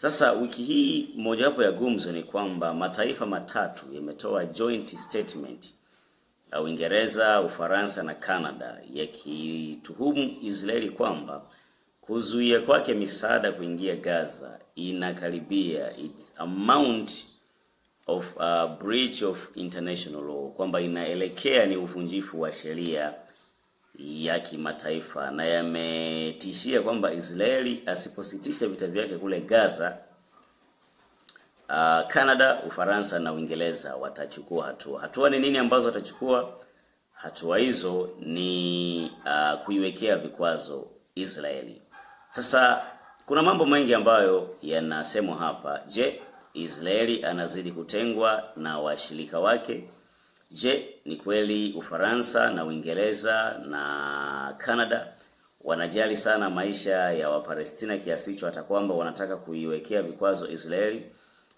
Sasa wiki hii mojawapo ya gumzo ni kwamba mataifa matatu yametoa joint statement la Uingereza, Ufaransa na Canada yakituhumu Israeli kwamba kuzuia kwake misaada kuingia Gaza inakaribia its amount of a breach of international law, kwamba inaelekea ni uvunjifu wa sheria ya kimataifa na yametishia kwamba Israeli asipositisha vita vyake kule Gaza, uh, Canada, Ufaransa na Uingereza watachukua hatua. Hatua ni nini ambazo watachukua? Hatua hizo ni uh, kuiwekea vikwazo Israeli. Sasa kuna mambo mengi ambayo yanasemwa hapa. Je, Israeli anazidi kutengwa na washirika wake? Je, ni kweli Ufaransa na Uingereza na Canada wanajali sana maisha ya Wapalestina kiasi hicho hata kwamba wanataka kuiwekea vikwazo Israeli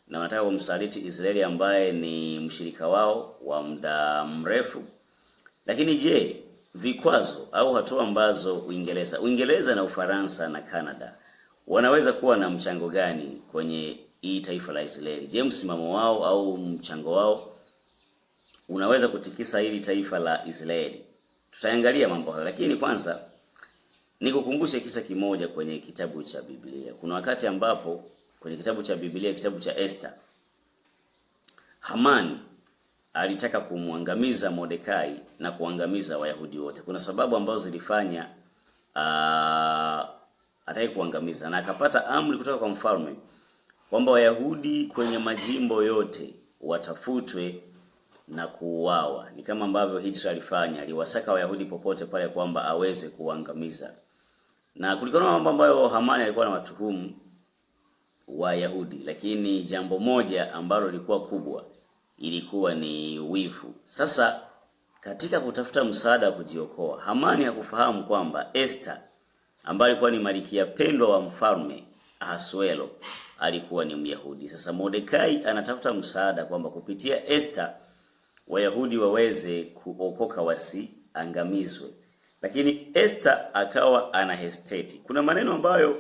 na wanataka kumsaliti Israeli ambaye ni mshirika wao wa muda mrefu? Lakini je, vikwazo au hatua ambazo Uingereza Uingereza na Ufaransa na Canada wanaweza kuwa na mchango gani kwenye hii taifa la Israeli? Je, msimamo wao au mchango wao unaweza kutikisa hili taifa la Israeli. Tutaangalia mambo hayo, lakini kwanza nikukumbushe kisa kimoja kwenye kitabu cha Biblia. Kuna wakati ambapo kwenye kitabu cha Biblia, kitabu cha Esther, Haman alitaka kumwangamiza Mordekai na kuangamiza Wayahudi wote. Kuna sababu ambazo zilifanya ah, ataki kuangamiza, na akapata amri kutoka kwa mfalme kwamba Wayahudi kwenye majimbo yote watafutwe na kuuawa. Ni kama ambavyo Hitler alifanya, aliwasaka Wayahudi popote pale kwamba aweze kuangamiza. Na kulikuwa na mambo ambayo Hamani alikuwa na watuhumu Wayahudi, lakini jambo moja ambalo lilikuwa kubwa ilikuwa ni wivu. Sasa katika kutafuta msaada wa kujiokoa, Hamani hakufahamu kwamba Esther ambaye alikuwa ni malikia pendwa wa mfalme Ahasuero alikuwa ni Myahudi. Sasa Mordekai anatafuta msaada kwamba kupitia Esther Wayahudi waweze kuokoka wasiangamizwe. Lakini Esther akawa ana hesteti Kuna maneno ambayo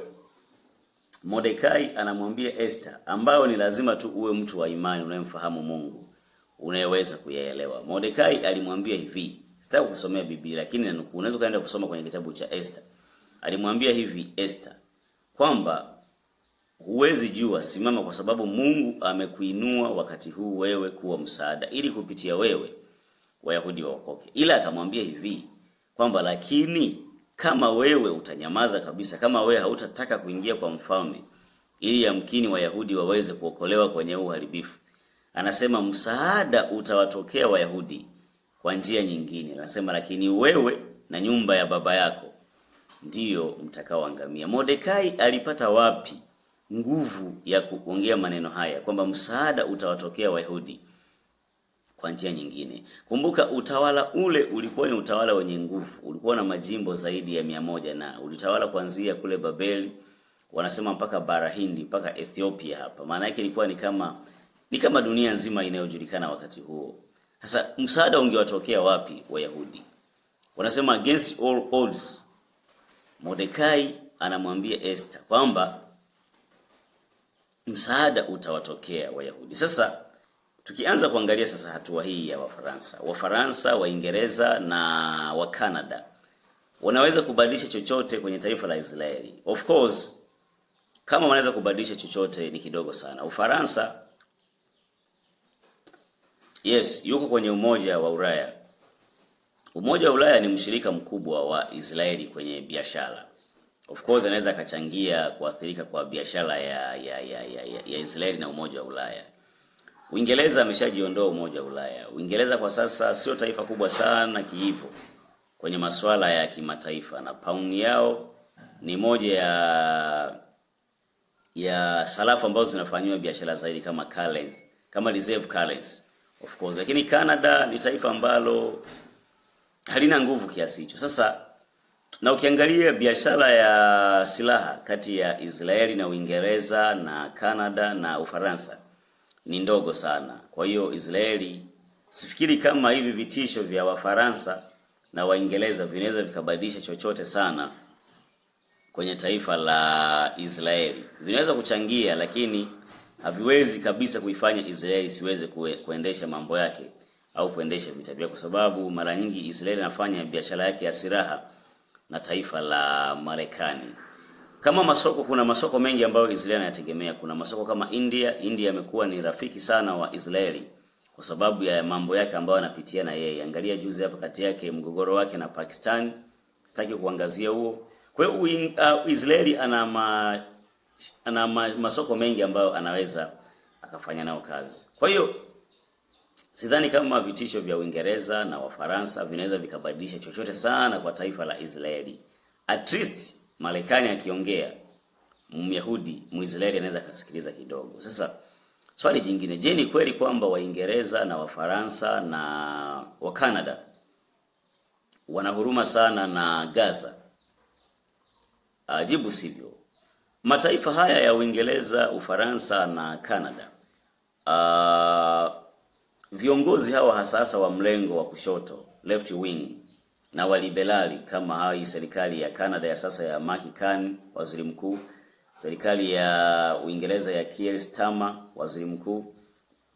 Mordekai anamwambia Esther ambayo ni lazima tu uwe mtu wa imani unayemfahamu Mungu unayeweza kuyaelewa. Mordekai alimwambia hivi, sitaki kusomea Biblia lakini nanukuu, unaweza kaenda kusoma kwenye kitabu cha Esther. Alimwambia hivi Esther kwamba huwezi jua, simama, kwa sababu Mungu amekuinua wakati huu wewe kuwa msaada, ili kupitia wewe Wayahudi waokoke. Ila akamwambia hivi kwamba, lakini kama wewe utanyamaza kabisa, kama wewe hautataka kuingia kwa mfalme, ili yamkini Wayahudi waweze kuokolewa kwenye uharibifu. Anasema msaada utawatokea Wayahudi kwa njia nyingine. Anasema lakini wewe na nyumba ya baba yako ndiyo mtakaoangamia. Mordekai alipata wapi nguvu ya kuongea maneno haya kwamba msaada utawatokea Wayahudi kwa njia nyingine. Kumbuka utawala ule ulikuwa ni utawala wenye nguvu, ulikuwa na majimbo zaidi ya mia moja na ulitawala kuanzia kule Babeli, wanasema mpaka barahindi mpaka Ethiopia hapa. Maana yake ilikuwa ni kama ni kama dunia nzima inayojulikana wakati huo. Sasa msaada ungewatokea wapi Wayahudi? Wanasema against all odds, Mordekai anamwambia este kwamba msaada utawatokea Wayahudi. Sasa tukianza kuangalia sasa hatua hii ya Wafaransa, Wafaransa, Waingereza na Wakanada wanaweza kubadilisha chochote kwenye taifa la Israeli. Of course kama wanaweza kubadilisha chochote ni kidogo sana. Ufaransa yes, yuko kwenye umoja wa Ulaya. Umoja wa Ulaya ni mshirika mkubwa wa Israeli kwenye biashara Of course anaweza akachangia kuathirika kwa biashara ya ya, ya, ya, ya Israeli na Umoja wa Ulaya. Uingereza ameshajiondoa Umoja wa Ulaya. Uingereza kwa sasa sio taifa kubwa sana kiivo kwenye masuala ya kimataifa, na pauni yao ni moja ya ya sarafu ambazo zinafanyiwa biashara zaidi kama currency, kama reserve currency of course, lakini Canada ni taifa ambalo halina nguvu kiasi hicho. Sasa na ukiangalia biashara ya silaha kati ya Israeli na Uingereza na canada na Ufaransa ni ndogo sana. Kwa hiyo Israeli, sifikiri kama hivi vitisho vya Wafaransa na Waingereza vinaweza vikabadilisha chochote sana kwenye taifa la Israeli. Vinaweza kuchangia, lakini haviwezi kabisa kuifanya Israeli isiweze kuendesha mambo yake au kuendesha vita vyake, kwa sababu mara nyingi Israeli anafanya biashara yake ya silaha na taifa la Marekani. Kama masoko, kuna masoko mengi ambayo Israeli yanategemea. Kuna masoko kama India. India amekuwa ni rafiki sana wa Israeli kwa sababu ya mambo yake ambayo anapitia na yeye. Angalia juzi hapa kati yake mgogoro wake na Pakistan, sitaki kuangazia huo. Kwa hiyo uh, Israeli ana ma, ana ma, masoko mengi ambayo anaweza akafanya nao kazi, kwa hiyo Sidhani kama vitisho vya Uingereza na Wafaransa vinaweza vikabadilisha chochote sana kwa taifa la Israeli. At least Marekani akiongea Myahudi Mwisraeli anaweza akasikiliza kidogo. Sasa swali jingine, je, ni kweli kwamba Waingereza na Wafaransa na Wakanada wanahuruma sana na Gaza? Ajibu ah, sivyo. Mataifa haya ya Uingereza, Ufaransa na canada uh, Viongozi hawa hasa wa mlengo wa kushoto left wing na waliberali kama hawa, serikali ya Canada ya sasa ya Mark Carney waziri mkuu, serikali ya Uingereza ya Keir Starmer waziri mkuu,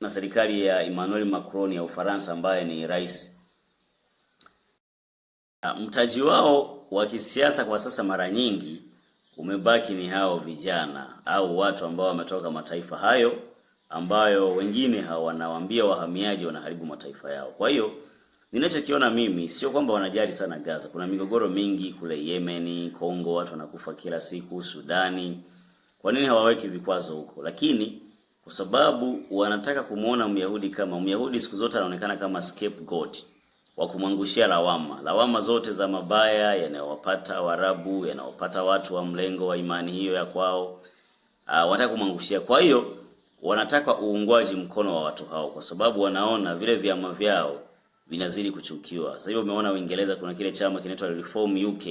na serikali ya Emmanuel Macron ya Ufaransa ambaye ni rais. Mtaji wao wa kisiasa kwa sasa mara nyingi umebaki ni hao vijana au watu ambao wametoka mataifa hayo ambayo wengine hawanawaambia wahamiaji wanaharibu mataifa yao. Kwa hiyo ninachokiona mimi sio kwamba wanajali sana Gaza. Kuna migogoro mingi kule Yemen, Kongo, watu wanakufa kila siku, Sudani. Kwa nini hawaweki vikwazo huko? Lakini kwa sababu wanataka kumuona Myahudi kama Myahudi, siku zote anaonekana kama scapegoat wa kumwangushia lawama. Lawama zote za mabaya yanayowapata Waarabu, yanayowapata watu wa mlengo wa imani hiyo ya kwao, uh, wanataka kumwangushia. Kwa hiyo wanataka uungwaji mkono wa watu hao, kwa sababu wanaona vile vyama vyao vinazidi kuchukiwa. Sasa hivi umeona Uingereza kuna kile chama kinaitwa Reform UK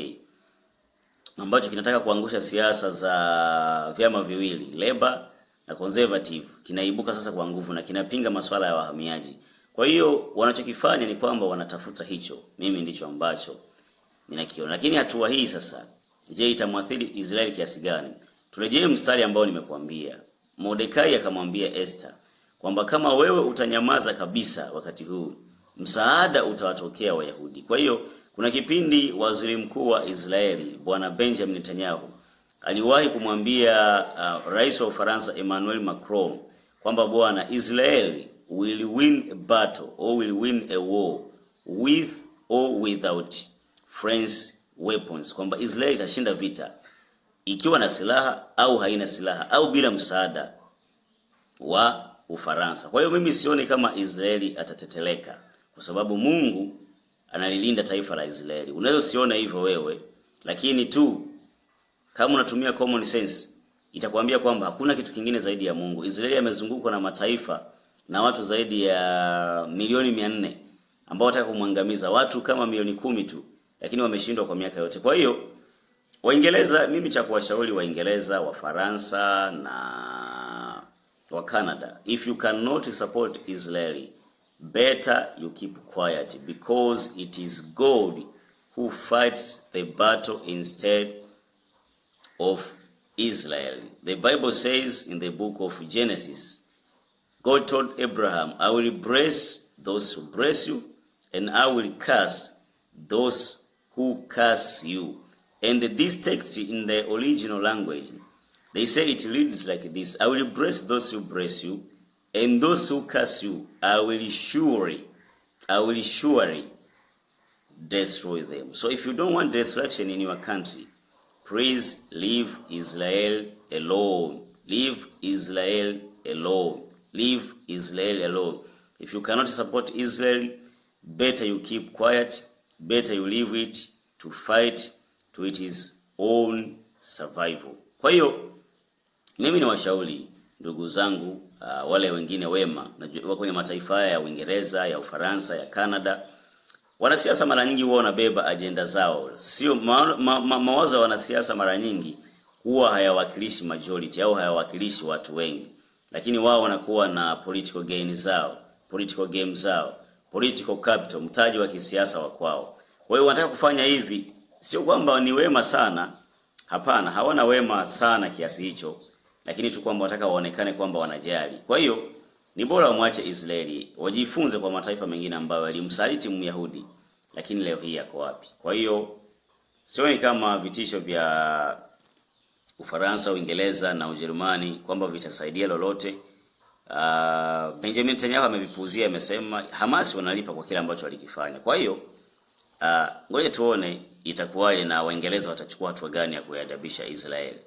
ambacho kinataka kuangusha siasa za vyama viwili Labour na Conservative, kinaibuka sasa kwa nguvu na kinapinga masuala ya wahamiaji. Kwa hiyo wanachokifanya ni kwamba wanatafuta hicho, mimi ndicho ambacho ninakiona. Lakini hatua hii sasa, je, itamwathiri Israeli kiasi gani? Turejee mstari ambao nimekuambia. Mordekai akamwambia Esther kwamba kama wewe utanyamaza kabisa wakati huu msaada utawatokea Wayahudi. Kwa hiyo kuna kipindi waziri mkuu wa Israeli Bwana Benjamin Netanyahu aliwahi kumwambia uh, rais wa Ufaransa Emmanuel Macron kwamba bwana, Israeli will win a battle or will win a war with or without French weapons, kwamba Israeli itashinda vita ikiwa na silaha au haina silaha au bila msaada wa Ufaransa. Kwa hiyo mimi sioni kama Israeli atateteleka kwa sababu Mungu analilinda taifa la Israeli. Unaweza usiona hivyo wewe, lakini tu kama unatumia common sense itakwambia kwamba hakuna kitu kingine zaidi ya Mungu. Israeli amezungukwa na mataifa na watu zaidi ya milioni mia nne ambao wataka kumwangamiza, watu kama milioni kumi tu, lakini wameshindwa kwa miaka yote. Kwa hiyo Waingereza, mimi cha kuwashauri Waingereza, Wafaransa na wa Canada, if you cannot support Israeli better you keep quiet because it is God who fights the battle instead of Israel. The Bible says in the book of Genesis, God told Abraham, I will bless those who bless you and I will curse those who curse you. And this text in the original language, they say it reads like this I will bless those who bless you, and those who curse you, I will surely, I will surely destroy them. So if you don't want destruction in your country, please leave Israel alone. Leave Israel alone. Leave Israel alone. If you cannot support Israel, better you keep quiet, better you leave it to fight to its own survival. Kwa hiyo mimi ni washauri ndugu zangu, uh, wale wengine wema najua kwenye mataifa haya ya Uingereza, ya Ufaransa, ya Canada, wanasiasa mara nyingi huwa wanabeba ajenda zao, sio ma, ma, ma, mawazo ya wanasiasa mara nyingi huwa hayawakilishi majority au hayawakilishi watu wengi, lakini wao wanakuwa na political gain zao, political game zao, political capital, mtaji wa kisiasa wa kwao. Kwa hiyo wanataka kufanya hivi Sio kwamba ni wema sana, hapana, hawana wema sana kiasi hicho, lakini tu kwamba wataka waonekane kwamba wanajali. Kwa hiyo ni bora wamwache Israeli, wajifunze kwa mataifa mengine ambayo yalimsaliti Myahudi, lakini leo hii yako wapi? Kwa hiyo sioni kama vitisho vya Ufaransa, Uingereza na Ujerumani kwamba vitasaidia lolote. Uh, Benjamin Netanyahu amevipuuzia, amesema Hamas wanalipa kwa kile ambacho walikifanya. Kwa hiyo uh, ngoja tuone itakuwaje na Waingereza watachukua hatua gani ya kuyadabisha Israeli?